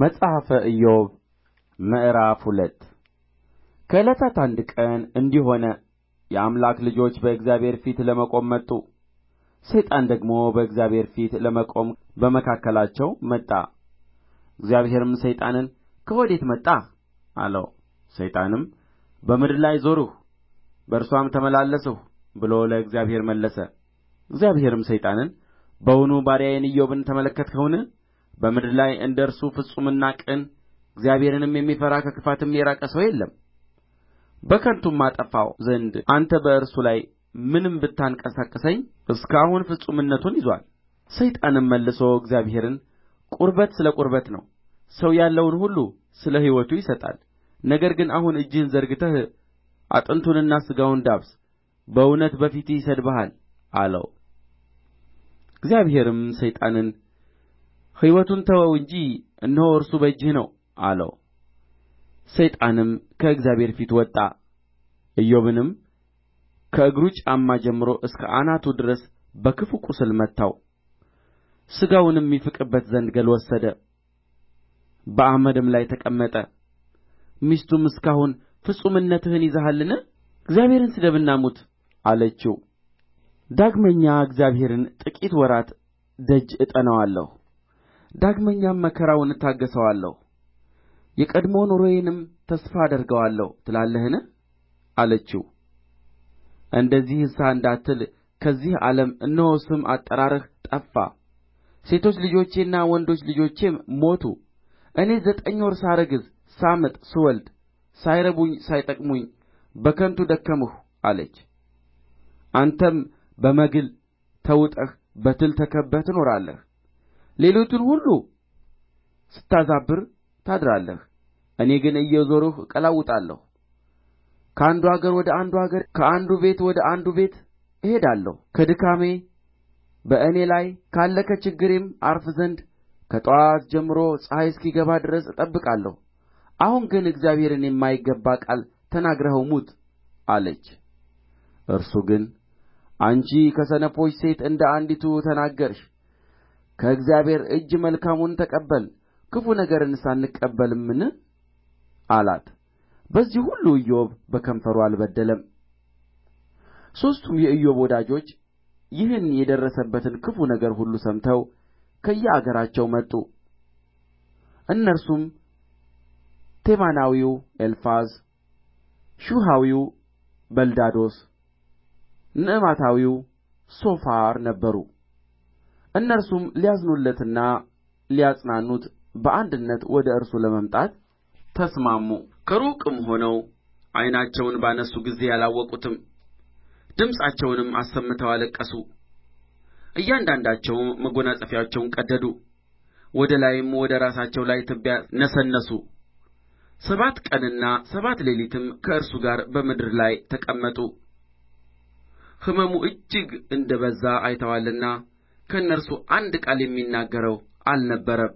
መጽሐፈ ኢዮብ ምዕራፍ ሁለት ከዕለታት አንድ ቀን እንዲህ ሆነ የአምላክ ልጆች በእግዚአብሔር ፊት ለመቆም መጡ ሰይጣን ደግሞ በእግዚአብሔር ፊት ለመቆም በመካከላቸው መጣ እግዚአብሔርም ሰይጣንን ከወዴት መጣህ አለው ሰይጣንም በምድር ላይ ዞርሁ በእርሷም ተመላለስሁ ብሎ ለእግዚአብሔር መለሰ እግዚአብሔርም ሰይጣንን በውኑ ባሪያዬን ኢዮብን ተመለከትኸውን በምድር ላይ እንደ እርሱ ፍጹምና ቅን እግዚአብሔርንም የሚፈራ ከክፋትም የራቀ ሰው የለም በከንቱም አጠፋው ዘንድ አንተ በእርሱ ላይ ምንም ብታንቀሳቅሰኝ እስከ አሁን ፍጹምነቱን ይዞአል ሰይጣንም መልሶ እግዚአብሔርን ቁርበት ስለ ቁርበት ነው ሰው ያለውን ሁሉ ስለ ሕይወቱ ይሰጣል ነገር ግን አሁን እጅህን ዘርግተህ አጥንቱንና ሥጋውን ዳብስ፣ በእውነት በፊትህ ይሰድብሃል አለው። እግዚአብሔርም ሰይጣንን ሕይወቱን ተወው እንጂ እነሆ እርሱ በእጅህ ነው አለው ሰይጣንም ከእግዚአብሔር ፊት ወጣ ኢዮብንም ከእግሩ ጫማ ጀምሮ እስከ አናቱ ድረስ በክፉ ቍስል መታው ሥጋውንም ይፍቅበት ዘንድ ገል ወሰደ በአመድም ላይ ተቀመጠ ሚስቱም እስከ አሁን ፍጹምነትህን ይዘሃልን እግዚአብሔርን ስደብና ሙት አለችው ዳግመኛ እግዚአብሔርን ጥቂት ወራት ደጅ እጠናዋለሁ ዳግመኛም መከራውን እታገሠዋለሁ የቀድሞ ኑሮዬንም ተስፋ አደርገዋለሁ ትላለህን አለችው እንደዚህሳ እንዳትል ከዚህ ዓለም እነሆ ስም አጠራርህ ጠፋ ሴቶች ልጆቼና ወንዶች ልጆቼም ሞቱ እኔ ዘጠኝ ወር ሳረግዝ ሳምጥ ስወልድ ሳይረቡኝ ሳይጠቅሙኝ በከንቱ ደከምሁ አለች አንተም በመግል ተውጠህ በትል ተከብበህ ትኖራለህ ሌሊቱን ሁሉ ስታዛብር ታድራለህ እኔ ግን እየዞርሁ እቀላውጣለሁ ከአንዱ አገር ወደ አንዱ አገር ከአንዱ ቤት ወደ አንዱ ቤት እሄዳለሁ ከድካሜ በእኔ ላይ ካለ ከችግሬም ዐርፍ ዘንድ ከጠዋት ጀምሮ ፀሐይ እስኪገባ ድረስ እጠብቃለሁ አሁን ግን እግዚአብሔርን የማይገባ ቃል ተናግረኸው ሙት አለች እርሱ ግን አንቺ ከሰነፎች ሴት እንደ አንዲቱ ተናገርሽ ከእግዚአብሔር እጅ መልካሙን ተቀበል ክፉ ነገርን አንቀበልምን አላት በዚህ ሁሉ ኢዮብ በከንፈሩ አልበደለም ሦስቱም የኢዮብ ወዳጆች ይህን የደረሰበትን ክፉ ነገር ሁሉ ሰምተው ከየአገራቸው መጡ እነርሱም ቴማናዊው ኤልፋዝ ሹሐዊው በልዳዶስ ንዕማታዊው ሶፋር ነበሩ እነርሱም ሊያዝኑለትና ሊያጽናኑት በአንድነት ወደ እርሱ ለመምጣት ተስማሙ ከሩቅም ሆነው ዓይናቸውን ባነሡ ጊዜ አላወቁትም ድምፃቸውንም አሰምተው አለቀሱ እያንዳንዳቸውም መጐናጸፊያቸውን ቀደዱ ወደ ላይም ወደ ራሳቸው ላይ ትቢያ ነሰነሱ ሰባት ቀንና ሰባት ሌሊትም ከእርሱ ጋር በምድር ላይ ተቀመጡ ሕመሙ እጅግ እንደ በዛ አይተዋልና ከእነርሱ አንድ ቃል የሚናገረው አልነበረም